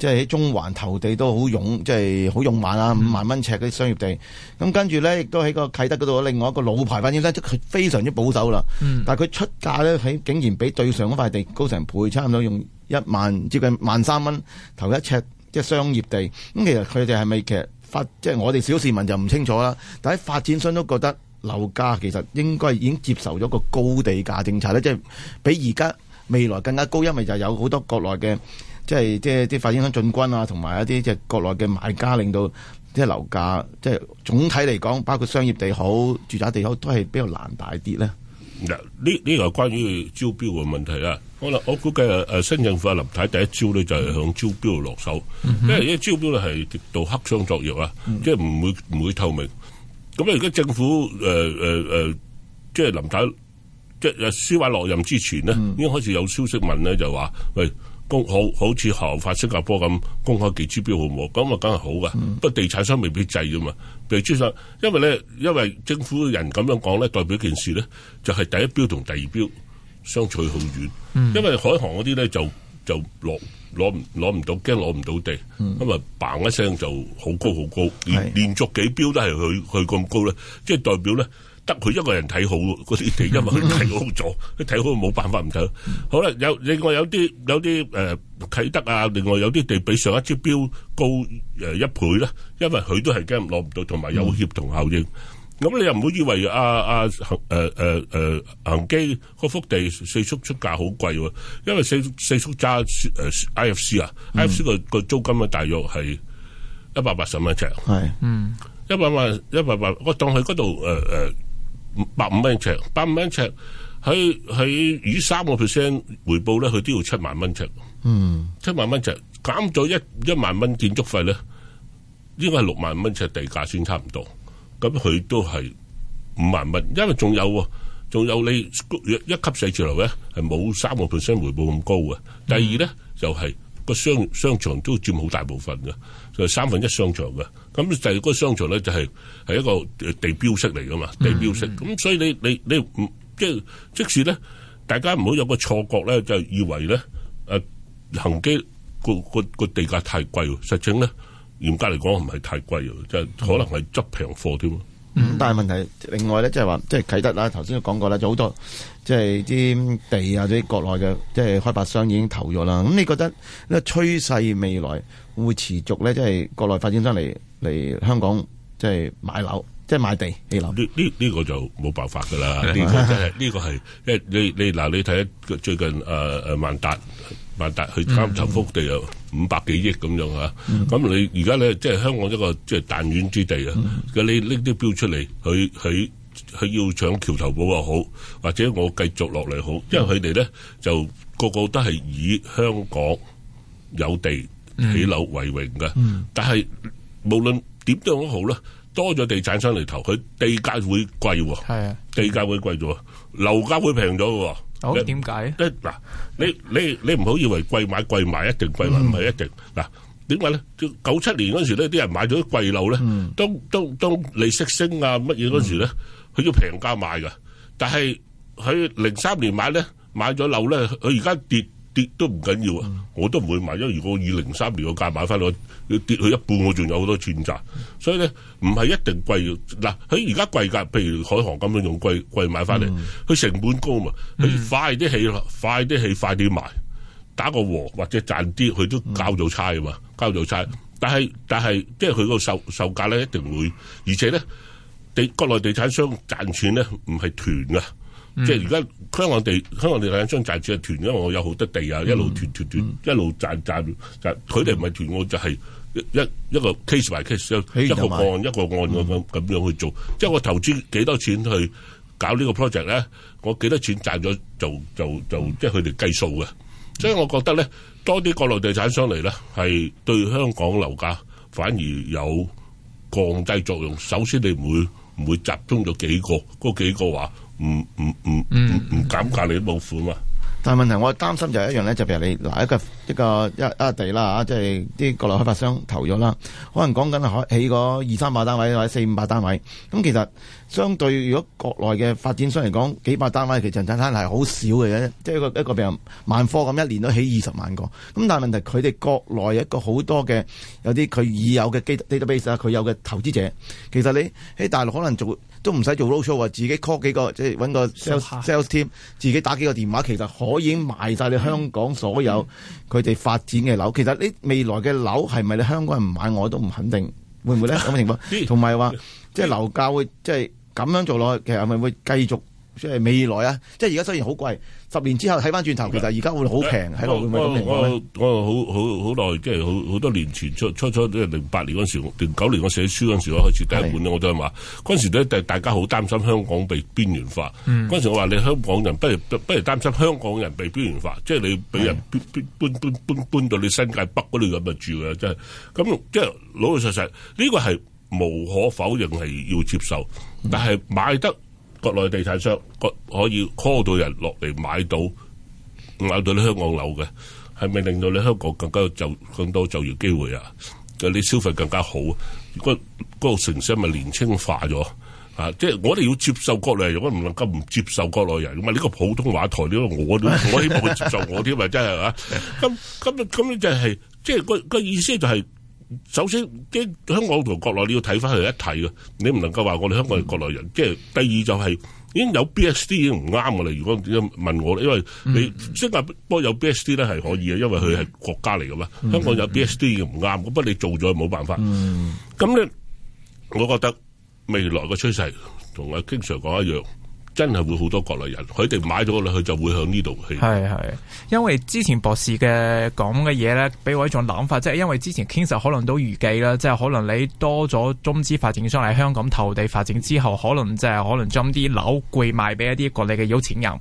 即係喺中環投地都好勇，即係好勇猛啦，五萬蚊尺啲商業地。咁跟住咧，亦都喺個啟德嗰度，另外一個老牌發展商，即係非常之保守啦。但佢出價咧，喺竟然比對上嗰塊地高成倍，差唔多用一萬接近萬三蚊投一尺即係商業地。咁、嗯、其實佢哋係咪其實發？即係我哋小市民就唔清楚啦。但係發展商都覺得樓價其實應該已經接受咗個高地價政策咧，即係比而家未來更加高，因為就有好多國內嘅。即係即係啲發展商進軍啊，同埋一啲即係國內嘅買家，令到即係樓價即係總體嚟講，包括商業地好、住宅地好，都係比較難大啲咧。嗱，呢呢個關於招標嘅問題啊，好啦，我估計誒誒，新政府阿林太第一招咧就係向招標落手，嗯、哼因為因為招標咧係到黑箱作業啊，嗯、即係唔會唔會透明。咁咧，而家政府誒誒誒，即係林太即係施偉落任之前咧，已經開始有消息問咧，就話喂。公好好似合法新加坡咁公開幾支標好唔好？咁啊、嗯，梗係好噶。不過地產商未必制㗎嘛。譬如主上，因為咧，因為政府嘅人咁樣講咧，代表件事咧，就係、是、第一標同第二標相處好遠。嗯、因為海航嗰啲咧，就就攞攞唔攞唔到，驚攞唔到地，因為棒一聲就好高好高，的連連續幾標都係去去咁高咧，即係代表咧。得佢一個人睇好嗰啲地，因為佢睇好咗，佢睇 好冇辦法唔睇。好啦，有另外有啲有啲誒、呃、啟德啊，另外有啲地比上一支標高誒、呃、一倍啦、啊，因為佢都係驚攞唔到，同埋有協同效應。咁、嗯、你又唔好以為阿阿誒誒誒恆基幅地四叔出價好貴喎、啊，因為四四叔揸誒 IFC 啊、嗯、，IFC 個租金嘅大約係、嗯、一百八十蚊一尺，係嗯一百萬一百八。我當佢嗰度誒誒。呃百五蚊尺，百五蚊尺，喺喺，以三個 percent 回報咧，佢都要七萬蚊尺。嗯，七萬蚊尺減咗一一萬蚊建築費咧，應該係六萬蚊尺地價先差唔多。咁佢都係五萬蚊，因為仲有，仲有你一一級寫字樓咧係冇三個 percent 回報咁高嘅。第二咧就係個商商場都佔好大部分嘅。就三分一商場嘅，咁就係嗰個商場咧就係、係、係一個地標式嚟噶嘛，嗯、地標式。咁所以你你你唔即係，就係、即使咧大家唔好有個錯覺咧，就係、以為咧、啊，行恆基個個個地價太貴喎。實情咧嚴格嚟講唔係太貴喎，即、就係、可能係執平貨添。咁、嗯、但係問題，另外咧即係話，即係啟德啦，頭先都講過啦，就好多即係啲地啊，啲國內嘅即係開發商已經投咗啦。咁你覺得呢個趨勢未來會持續咧？即、就、係、是、國內發展商嚟嚟香港即係買樓，即、就、係、是、買地起樓。呢呢呢個就冇辦法噶啦，呢 個係、就、呢、是這個係，因為你你嗱，你睇最近誒誒、呃，萬達萬達去三頭福地又。嗯嗯五百幾億咁樣嚇、啊，咁、嗯、你而家咧即係香港一個即係彈丸之地啊！咁、嗯、你拎啲標出嚟，佢佢佢要搶橋頭堡又好，或者我繼續落嚟好，嗯、因為佢哋咧就個個都係以香港有地起樓為榮嘅、嗯嗯、但係無論點都好啦，多咗地產商嚟投，佢地價會貴喎，地價會貴咗、哦，樓價會平咗喎。點解咧？即係嗱，你你你唔好以為貴買貴賣，一定貴買唔係一定。嗱、mm.，點解咧？九七年嗰時咧，啲人買咗啲貴樓咧，都都都利息升啊乜嘢，嗰時咧，佢、mm. 要平價買噶。但係佢零三年買咧，買咗樓咧，佢而家跌。跌都唔緊要啊！我都唔會買，因為如果我二零三年個價買翻嚟，要跌去一半，我仲有好多錢賺。所以咧，唔係一定貴嗱，佢而家貴價，譬如海航咁樣用貴貴買翻嚟，佢成本高嘛，佢快啲起，快啲起，快啲賣，打個和或者賺啲，佢都交咗差啊嘛，交咗差。但係但係，即係佢個售售價咧一定會，而且咧地國內地產商賺錢咧唔係斷啊。嗯、即係而家香港地，香港地產商賺錢係團，因為我有好多地啊，一路團團團，團，嗯、一路賺賺賺。佢哋唔係團我，嗯、就係一一,一個 case by case，一個案買一個案咁咁、嗯、樣去做。即係我投資幾多錢去搞個呢個 project 咧，我幾多錢賺咗就就就，就即係佢哋計數嘅。嗯、所以，我覺得咧，多啲國內地產商嚟咧，係對香港樓價反而有降低作用。首先你唔會，你唔會唔會集中咗幾個嗰幾個話。唔唔唔唔唔減價你啲冇款嘛？但係問題，我擔心就係一樣咧，就譬如你嗱一個一個一一地啦嚇，即係啲國內開發商投咗啦，可能講緊係起個二三百單位或者四五百單位。咁其實相對如果國內嘅發展商嚟講，幾百單位其實真真係好少嘅啫。即係一個一個譬如萬科咁，一年都起二十萬個。咁但係問題，佢哋國內一個好多嘅有啲佢已有嘅 database 啊，佢有嘅投資者，其實你喺大陸可能做。都唔使做 roadshow 啊！自己 call 幾個，即係揾個 sales sales team，自己打幾個電話，其實可以賣晒你香港所有佢哋發展嘅樓。其實呢未來嘅樓係咪你香港人唔買我都唔肯定，會唔會咧咁嘅情況，同埋話，即係樓價會，即係咁樣做落去，其實係咪會繼續。即係未來啊！即係而家雖然好貴，十年之後睇翻轉頭，其實而家會好平。喺落去我好好好耐，即係好好多年前，初初即係零八年嗰陣時，零九年我寫書嗰陣時，我開始第一本咧，是我都係話嗰陣時大家好擔心香港被邊緣化。嗰陣、嗯、時我話你香港人不，不如不如擔心香港人被邊緣化，即係你俾人搬是搬搬搬搬到你新界北嗰度咁啊住啊。即係。咁即係老老實實，呢、這個係無可否認係要接受，但係買得。國內地產商可可以 call 到人落嚟買到買到啲香港樓嘅，係咪令到你香港更加有就更多就業機會啊？嘅你消費更加好，嗰嗰、嗰個城市咪年青化咗啊？即係我哋要接受國內人，如果唔能夠唔接受國內人咁咪呢個普通話台，呢個我都我希望佢接受我添、啊，真係呀、啊。咁咁咁樣就係、是、即係個個意思就係、是。首先，即係香港同國內你要睇翻佢一睇嘅，你唔能夠話我哋香港係國內人。即係第二就係、是、已經有 B S D 已經唔啱㗎喇。如果點樣問我，因為你新加坡有 B S D 咧係可以嘅，因為佢係國家嚟嘅嘛。香港有 B S D 已經唔啱，不過你做咗冇辦法。咁咧，我覺得未來嘅趨勢同我經常講一樣。真係會好多國內人，佢哋買咗佢去就會向呢度去。係，因為之前博士嘅講嘅嘢咧，俾我一種諗法，即係因為之前 King Sir 可能都預計啦，即係可能你多咗中資發展商喺香港投地發展之後可能即係可能將啲樓貴賣俾一啲國內嘅有錢人，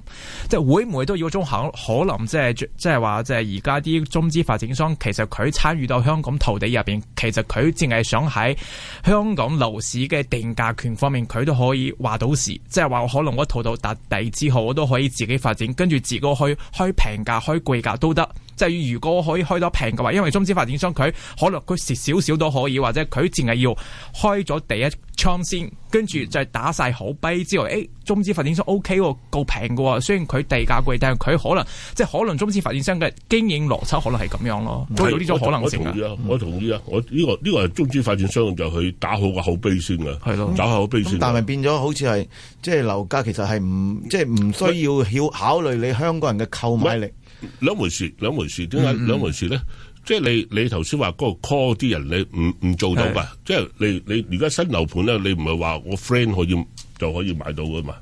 即係會唔會都有種可能即係即係話即係而家啲中資發展商其實佢參與到香港投地入邊其實佢淨係想喺香港樓市嘅定價權方面，佢都可以話到事即係話可能。我套到笪地之後，我都可以自己發展，跟住自己去開平價、開貴價都得。即係如果可以開得平嘅話，因為中資發展商佢可能佢蝕少少都可以，或者佢淨係要開咗第一。創先跟住就係打晒口碑之後誒，中資發展商 O K 喎，夠平嘅喎，雖然佢地價貴，但係佢可能即係可能中資發展商嘅經營邏輯可能係咁樣咯，做到呢種可能性啊！我同意啊，我同意啊，我呢、這個呢、這個係中資發展商就去打好個口碑先嘅，係咯，打好口碑先。的碑先，但係變咗好似係即係樓價，就是、其實係唔即係唔需要要考慮你香港人嘅購買力。兩回事，兩回事，點解兩回事咧？即係你你頭先話嗰個 call 啲人你唔唔做到噶，即係你你而家新樓盤咧，你唔係話我 friend 可以就可以買到噶嘛？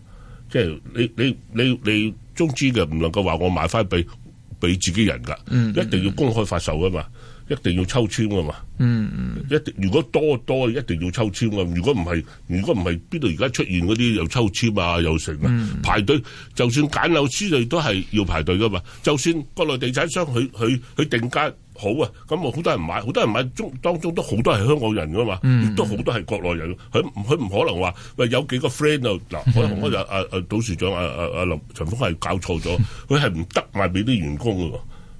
即係你你你你中資嘅唔能夠話我買翻俾俾自己人噶，一定要公開發售噶嘛，一定要抽籤噶嘛，一定如果多多一定要抽籤噶，如果唔係如果唔係邊度而家出現嗰啲又抽籤啊又成啊排隊，就算揀樓之類都係要排隊噶嘛，就算國內地產商佢佢佢定價。好啊，咁我好多人買，好多人買中當中都好多係香港人噶嘛，亦都好多係國內人。佢佢唔可能話喂有幾個 friend 可，啊、嗱，我就阿阿董事長阿阿阿林陳峰係搞錯咗，佢係唔得賣俾啲員工噶，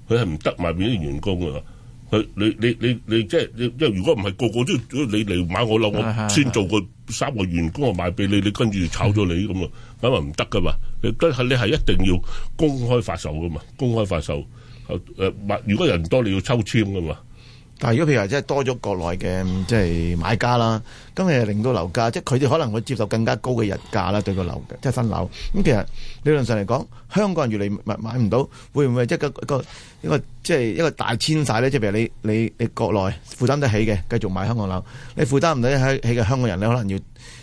佢係唔得賣俾啲員工噶。佢，你你你你即係，因為如果唔係個個都你嚟買我樓，我先做個三個員工我賣俾你，你跟住炒咗你咁啊，咁啊唔得噶嘛，你都係你係一定要公開發售噶嘛，公開發售。誒物如果人多，你要抽籤噶嘛？但係如果譬如話即係多咗國內嘅即係買家啦。 咁係令到樓價，即係佢哋可能會接受更加高嘅日價啦。對個樓即係新樓咁，其實理論上嚟講，香港人越嚟越買唔到，會唔會即係個一個，一個即係一個大遷徙咧？即係譬如你你你，你國內負擔得起嘅繼續買香港樓，你負擔唔到起嘅香港人，你可能要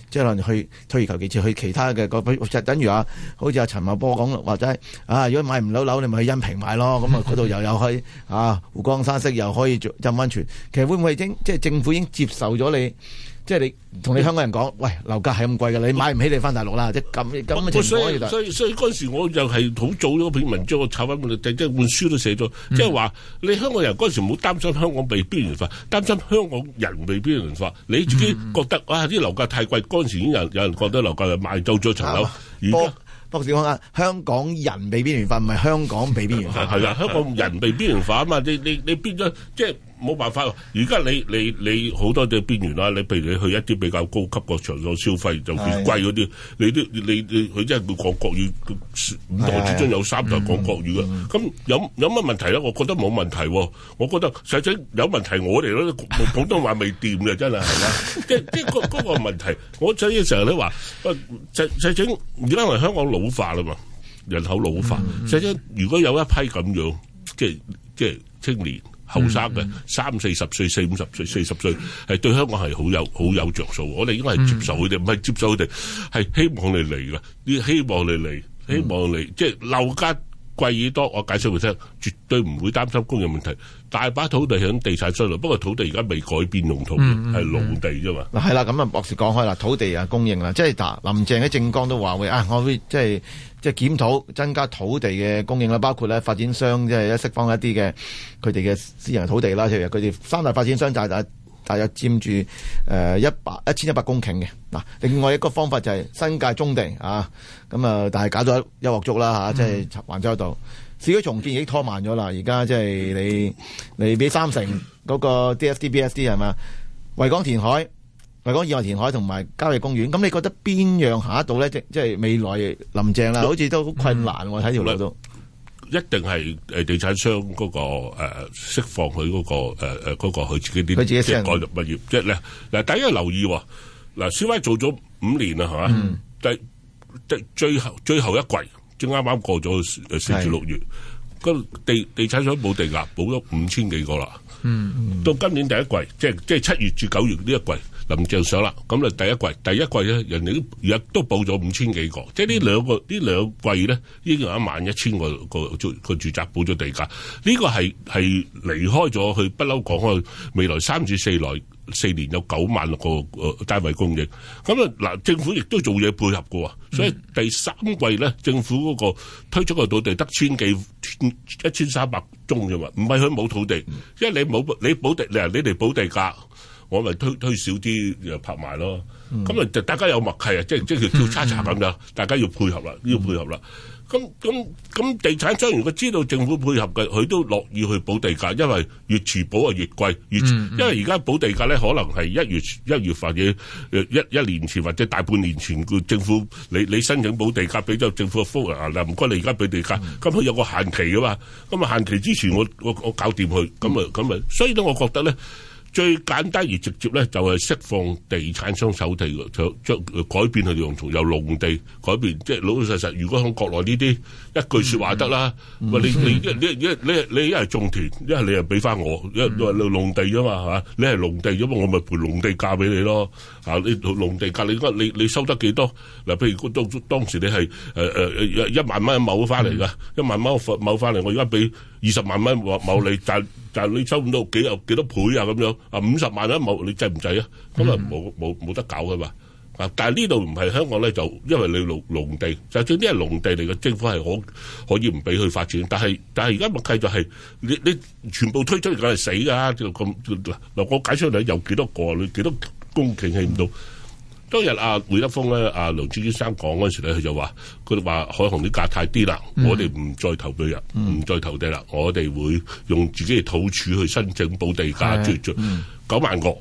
即係可能去退而求其次去其他嘅嗰啲，等於啊，好似阿陳茂波講或者啊，如果買唔到樓，你咪去恩平買咯。咁啊， 佢度又有去啊，湖光山色又可以浸溫泉。其實會唔會已經即係政府已經接受咗你？即係你同你香港人講，喂，樓價係咁貴嘅，你買唔起，你翻大陸啦！即咁咁嘅情況。所以所以所以嗰陣時，我又係好早嗰篇文章，我抄翻本嚟，即係本書都寫咗，即係話，你香港人嗰陣時唔好擔心香港被邊緣化，擔心香港人被邊緣化。你自己覺得哇啲樓價太貴，嗰陣時已經有人有人覺得樓價又賣到咗層樓。博博士講啊，香港人被邊緣化唔係香港被邊緣化。係啦，香港人被邊緣化啊嘛，你你你變咗即係。冇辦法喎！而家你你你好多隻邊緣啦，你譬如你去一啲比較高級個場所消費，就變貴嗰啲，你都你你佢真係會講國語，五代之中有三代講國語嘅，咁、哎嗯、有有乜問題咧？我覺得冇問題喎、哦，我覺得實際有問題我都，我哋咧普通話未掂嘅真係係啦，即即嗰嗰個問題，我真係成日都話，喂，實際而家係香港老化啦嘛，人口老化，嗯、實際如果有一批咁樣，即即青年。後生嘅三四十歲、四五十歲、四十歲，係、嗯、對香港係好有好有着數。我哋應該係接受佢哋，唔係接受佢哋，係希望你嚟㗎。你希望你嚟，希望你，希望你、嗯、即係留家貴以多，我解釋俾你聽絕對唔會擔心供應問題。大把土地響地產商度，不過土地而家未改變用途，係農、嗯嗯、地啫嘛。係、嗯、啦，咁啊博士講開啦，土地啊供應啦，即係林鄭喺政綱都話會啊，我會即係即係檢討增加土地嘅供應啦，包括咧發展商即係釋放一啲嘅佢哋嘅私人土地啦，譬如佢哋三大發展商大大。大約佔住誒、呃、一百一千一百公頃嘅嗱，另外一個方法就係新界中地啊，咁啊，但係搞咗一一鑊粥啦嚇，即係環州度，市區重建已經拖慢咗啦。而家即係你你俾三成嗰、那個 D S D B S D 係嘛？維港填海、維港以外填海同埋郊野公園，咁你覺得邊樣下一度咧？即即係未來林鄭啦，好似都好困難喎，睇、嗯、條路都。一定係誒地產商嗰、那個誒釋、啊、放佢嗰、那個誒誒個佢自己啲即係蓋入物業，即係咧嗱，就是、第一留意嗱，小、啊、威做咗五年啦，係嘛？第第、嗯、最後最後一季即啱啱過咗誒四至六月，個是地地產商補地價補咗五千幾個啦，嗯嗯、到今年第一季即係即係七月至九月呢一季。林鄭上啦，咁咧第一季，第一季咧人哋亦都補咗五千幾個，即係呢兩個呢兩季咧，已經有一萬一千個個住個住宅補咗地價。呢個係係離開咗去不嬲講開，未來三至四內四年有九萬六個誒單位供應。咁啊嗱，政府亦都做嘢配合嘅，所以第三季咧，政府嗰個推出個土地得千幾一千三百宗啫嘛，唔係佢冇土地，因為你冇你補地，你你哋補地價。我咪推推少啲拍埋咯，咁啊、嗯、就大家有默契啊，即係即係叫交叉查咁樣，嗯、大家要配合啦，要配合啦。咁咁咁，地產商如果知道政府配合嘅，佢都樂意去補地價，因為越遲補啊越貴，越、嗯、因為而家補地價咧，可能係一月一月份嘅一一年前或者大半年前，個政府你你申請補地價俾咗政府福啊，嗱唔該你而家俾地價，咁佢、嗯、有個限期噶嘛，咁啊限期之前我我我搞掂佢，咁啊咁啊，所以咧，我覺得咧。最簡單而直接咧，就係釋放地產商手地，就將改變佢用途，由農地改變。即係老老實實，如果喺國內呢啲一句說話得啦。喂、嗯嗯，你你一你一你你一係種田，一係你又俾翻我，因為你農地啫嘛，係嘛？你係農地啫嘛，我咪賠農地價俾你咯。嚇、啊，呢農地價你你你收得幾多？嗱，譬如當當時你係誒、呃、一萬蚊一畝翻嚟㗎，一萬蚊一畝翻嚟，我而家俾。二十萬蚊，冇冇你賺，但係你收唔到幾多幾多倍啊？咁樣啊，五十萬蚊冇，你制唔制啊？咁啊冇冇冇得搞噶嘛？但係呢度唔係香港咧，就因為你農農地，就算啲係農地嚟嘅，政府係可可以唔俾佢發展。但係但係而家默契就係你你全部推出嚟梗係死㗎，就咁嗱，嗱我解出嚟有幾多個？你幾多公頃起唔到？當日阿會、啊、德豐、咧、啊，阿梁志堅生講嗰時咧，佢就話佢話海航啲價太低啦，我哋唔再投地啦，唔再投地啦，我哋會用自己嘅土儲去申請補地價，足足九萬個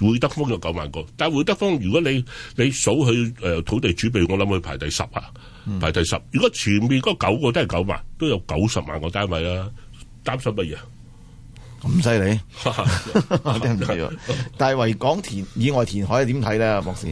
會德豐有九萬個，但係會德豐如果你你數佢誒土地儲備，我諗去排第十啊，嗯、排第十。如果前面嗰九個都係九萬，都有九十萬個單位啦、啊，擔心乜嘢？」咁犀利，但係維港填以外填海點睇咧，博士？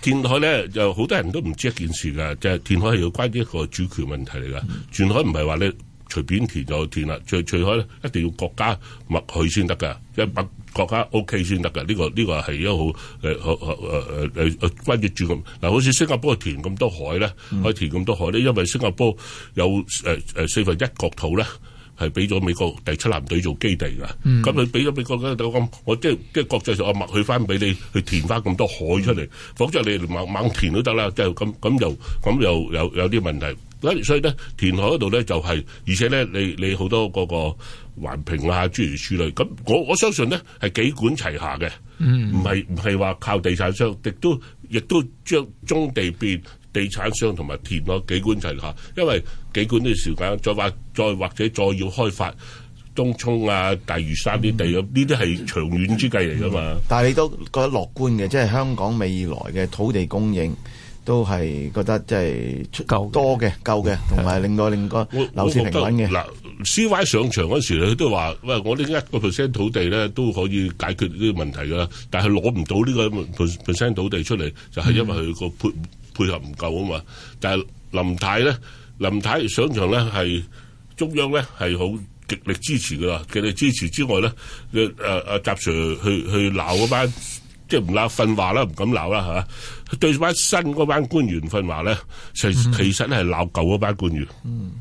填海咧，就好多人都唔知一件事噶，即係填海係要關於一個主權問題嚟噶。填、嗯、海唔係話你隨便填就填啦，除除海咧，一定要國家默許先得噶，即係國家 O K 先得噶。呢、這個呢、這個係一個好誒誒誒誒誒關於主權嗱，好似新加坡填咁多海咧，可以填咁多海咧，因為新加坡有誒誒、呃呃、四分一國土咧。係俾咗美國第七艦隊做基地噶咁佢俾咗美國嗰個，我即係即係國際上啊，默許翻俾你去填翻咁多海出嚟，否則你猛猛填都得啦，就咁咁就咁又有有啲問題。所以咧填海嗰度咧就係，而且咧你你好多嗰個環評啊、諸如此類，咁我我相信咧係幾管齊下嘅，唔係唔係話靠地產商，亦都亦都將中地變。地產商同埋填咗幾管齊下，因為幾管呢？時間再或再或者再要開發東涌啊、大嶼山啲地，呢啲係長遠之計嚟噶嘛？嗯、但係你都覺得樂觀嘅，即、就、係、是、香港未來嘅土地供應都係覺得即係夠多嘅、夠嘅，同埋令到令個樓市平穩嘅。嗱，C Y 上場嗰時佢都話喂，我呢一個 percent 土地咧都可以解決呢個問題噶啦，但係攞唔到呢、這個 percent 土地出嚟，就係、是、因為佢、那個、嗯配合唔夠啊嘛，但係林太咧，林太上場咧係中央咧係好極力支持噶啦，極力支持之外咧，阿阿阿習 Sir 去去鬧嗰班，即係唔鬧訓話啦，唔敢鬧啦嚇，對班新嗰班官員訓話咧，其其實咧係鬧舊嗰班官員。嗯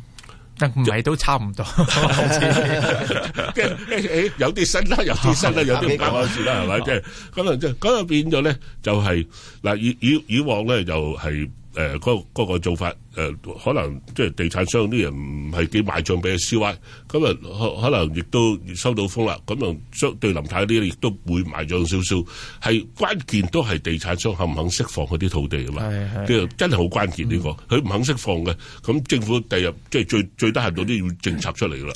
唔係都差唔多，即係即係誒有啲新啦，有啲新啦，有啲八卦事啦，係咪？即係嗰度即係嗰度變咗咧，就係嗱以以以往咧就係。誒嗰嗰個做法誒，可能即係地產商啲人唔係幾買帳俾佢 CY，咁啊可能亦都收到風啦，咁啊將對林太啲亦都會買帳少少，係關鍵都係地產商肯唔肯釋放嗰啲土地啊嘛，即真係好關鍵呢個，佢唔肯釋放嘅，咁政府第日即係最最低限度都要政策出嚟噶啦。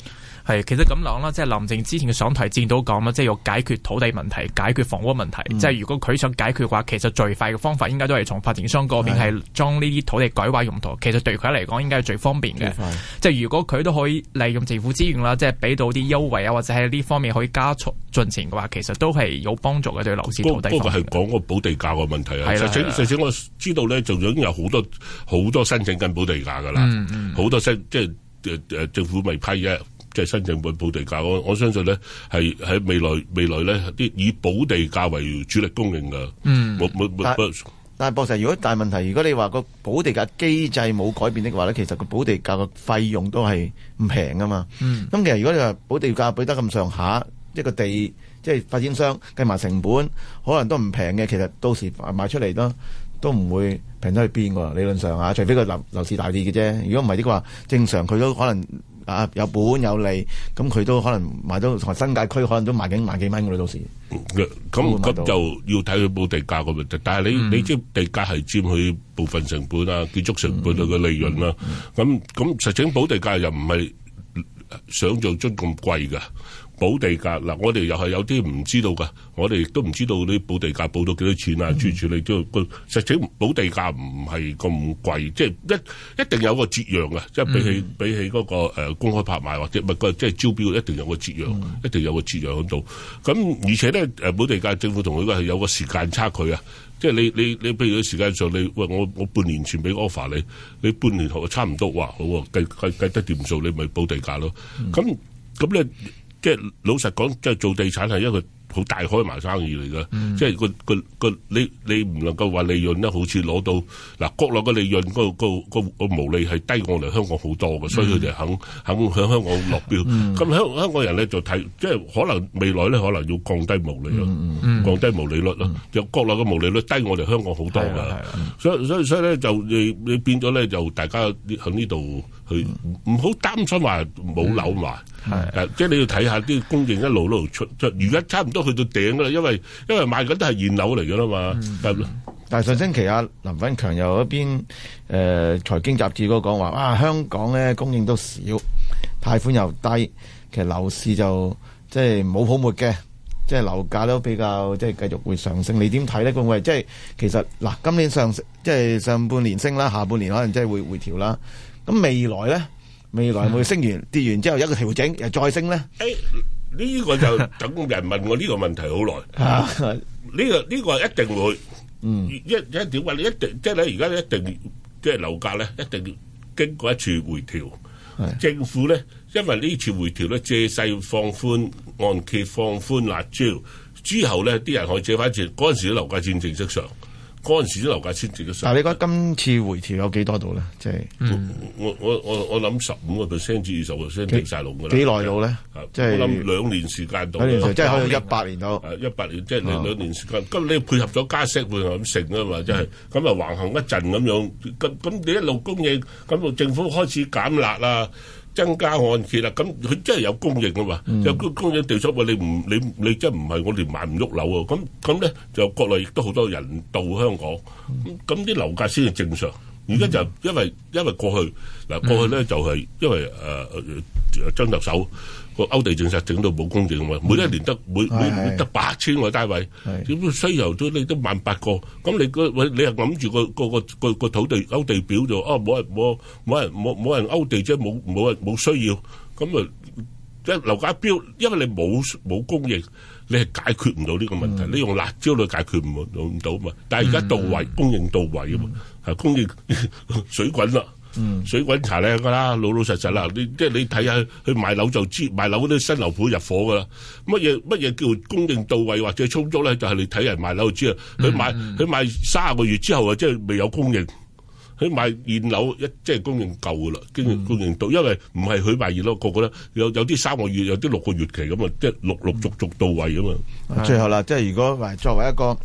係，其實咁講啦，即係林鄭之前嘅上台戰都講啦，即係要解決土地問題、解決房屋問題。嗯、即係如果佢想解決嘅話，其實最快嘅方法應該都係從發展商嗰邊係將呢啲土地改劃用途。是其實對佢嚟講，應該係最方便嘅。快即係如果佢都可以利用政府資源啦，即係俾到啲優惠啊，或者喺呢方面可以加速進程嘅話，其實都係有幫助嘅對樓市土地。不過係講嗰個補地價嘅問題啊！甚至我知道咧，就已經有好多好多申請緊補地價噶啦，好、嗯嗯、多即係、呃、政府未批啫。即係申請嘅補地價，我相信咧係喺未來未來咧啲以補地價為主力供應嘅。嗯，但係博士，如果大問題，如果你話個補地價機制冇改變的話咧，其實個補地價個費用都係唔平噶嘛。咁、嗯、其實如果你話補地價俾得咁上下，一個地即係發展商計埋成本，可能都唔平嘅。其實到時賣出嚟都都唔會平得去邊喎。理論上啊，除非個流樓，樓市大跌嘅啫。如果唔係的話，正常佢都可能。啊！有本有利，咁佢都可能賣到台新界區，可能都賣緊萬幾蚊嘅啦。到時咁咁就要睇佢補地價嘅問題，但係你、嗯、你知地價係佔佢部分成本啊、建築成本佢嘅利潤啦。咁咁、嗯、實際補地價又唔係想像中咁貴㗎。補地價嗱，我哋又係有啲唔知道噶，我哋都唔知道你補地價補到幾多錢啊？嗯、住住你都實際補地價唔係咁貴，即係一一定有個折讓啊。即係比起比起嗰個公開拍賣或者即係招標，一定有個折讓，一定有個折讓喺度。咁、嗯、而且咧補地價，政府同佢係有個時間差距啊，即係你你你，你譬如時間上你喂我我半年前俾 offer 你，你半年後差唔多話好喎、啊，計計，計，計得掂數，你咪補地價咯。咁咁、嗯即係老實講，即係做地產係一個好大開埋生意嚟噶。嗯、即係個個個你你唔能夠話利潤咧，好似攞到嗱國內嘅利潤嗰、嗰個、嗰個、嗰個嗰個毛利係低過我哋香港好多噶，所以佢哋肯肯向香港落標。咁香、嗯、香港人咧就睇，即係可能未來咧可能要降低毛利咯，嗯嗯、降低毛利率咯。嗯、就國內嘅毛利率低我哋香港好多噶，所以所以所以咧就你你變咗咧就大家喺呢度。佢唔好擔心，話冇樓賣，誒，即係你要睇下啲供應一路一路出出，而家差唔多去到頂噶啦，因為因為賣緊都係現樓嚟噶啦嘛，但係上星期阿林奮強又一邊誒、呃、財經雜誌嗰個講話，啊，香港咧供應都少，貸款又低，其實樓市就即係冇泡沫嘅，即係樓價都比較即係繼續會上升。你點睇呢？各位，即係其實嗱，今年上即係上半年升啦，下半年可能即係會回調啦。咁未來咧，未來會升完跌完之後有一個調整，又再升咧？誒，呢個就等人問我呢個問題好耐。呢個呢個一定會，一一點話你一定，即係你而家一定，即係樓價咧一定經過一次回調。政府咧，因為呢次回調咧，借勢放寬按揭，放寬辣椒之後咧，啲人可以借翻錢。嗰陣時啲樓價先正式上。嗰陣時都樓價先跌咗，但係你覺得今次回調有幾多度咧？即係我我我我諗十五個 percent 至二十個 percent 跌晒落㗎啦！幾耐度咧？即係我諗兩年時間度，間啊、即係可能一百年到。誒、啊，一百年、啊、即係兩年時間。咁、嗯、你配合咗加息，配合咁成啊嘛，即係咁啊橫行一陣咁樣。咁咁你一路供應，咁到政府開始減辣啦。增加按揭啦，咁佢真係有供應啊嘛，有個供應調出，我你唔你你真係唔係我哋買唔喐樓啊，咁咁咧就國內亦都好多人到香港，咁啲樓價先係正常。而家就因為因為過去嗱過去咧就係因為誒張特首。個勾地政策整到冇供應啊嘛，每一年得每每得八千個單位，點個需求都拎得萬八個，咁你個喂，你係諗住個個個個土地勾地表，就哦冇人冇冇人冇冇人勾地，即係冇冇人冇需要，咁啊一樓價飆，因為你冇冇供應，你係解決唔到呢個問題，你用辣招都解決唔到唔到啊嘛。但係而家到位供應到位啊嘛，係供應水滾啦。嗯、水滾茶咧，噶啦，老老實實啦。你即係你睇下，去買樓就知，買樓啲新樓盤入伙噶啦。乜嘢乜嘢叫供應到位或者充足咧？就係、是、你睇人買樓就知啦。佢買佢、嗯嗯、買三十個月之後啊，即係未有供應。佢買現樓一即係供應夠噶啦，跟住供應到，因為唔係佢買現樓個個咧有有啲三個月，有啲六個月期咁啊，即係陸陸續續到位啊嘛、嗯。最後啦，即係的如果作為一個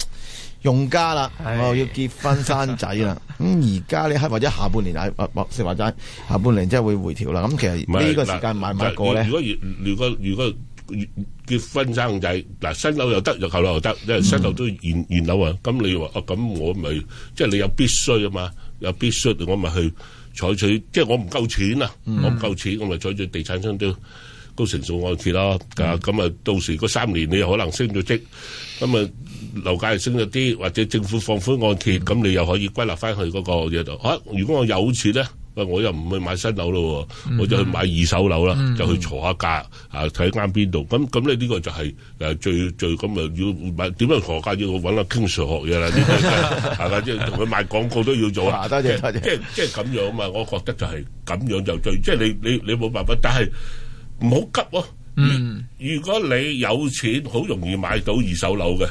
用家啦，的我要結婚生仔啦。 咁而家咧，或者下半年啊，或話齋，下半年即係會回調啦。咁其實呢個時間買唔買過咧？如果如果如果結婚生仔，嗱、就是，新樓又得，舊樓又得，即係新樓都現現樓啊。咁你話哦，咁、啊、我咪即係你有必須啊嘛，有必須，我咪去採取，即、就、係、是、我唔夠錢啊，我唔夠錢，我咪採取地產商都。高成數按揭咯，啊咁啊到時嗰三年你又可能升咗職，咁啊樓價又升咗啲，或者政府放寬按揭，咁、嗯、你又可以歸納翻去嗰個嘢度。啊，如果我有錢咧，喂，我又唔去買新樓咯，我就去買二手樓啦，嗯、就去坐下價、嗯嗯、啊，睇啱邊度。咁咁你呢個就係最最咁啊要點樣同學界要揾 King Sir 學嘢啦，係咪即係同佢賣廣告都要做啊？多謝多謝，即係係咁樣嘛，我覺得就係咁樣就最，即係你你你冇辦法，但係。唔好急哦。嗯，如果你有錢，好容易買到二手樓嘅，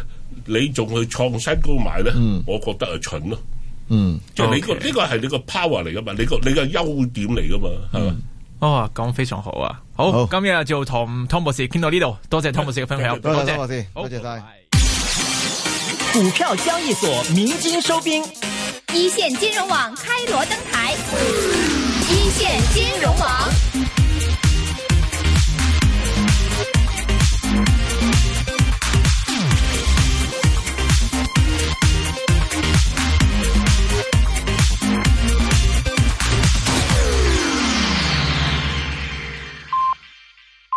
你仲去創新高買咧？嗯，我覺得係蠢咯。嗯，即係你個呢個係你個 power 嚟噶嘛？你個你個優點嚟噶嘛？係嘛？哦，講非常好啊。好，今日就同湯博士傾到呢度，多謝湯博士嘅分享。多謝多謝晒。股票交易所鳴金收兵，一線金融網開鑼登台，一線金融網。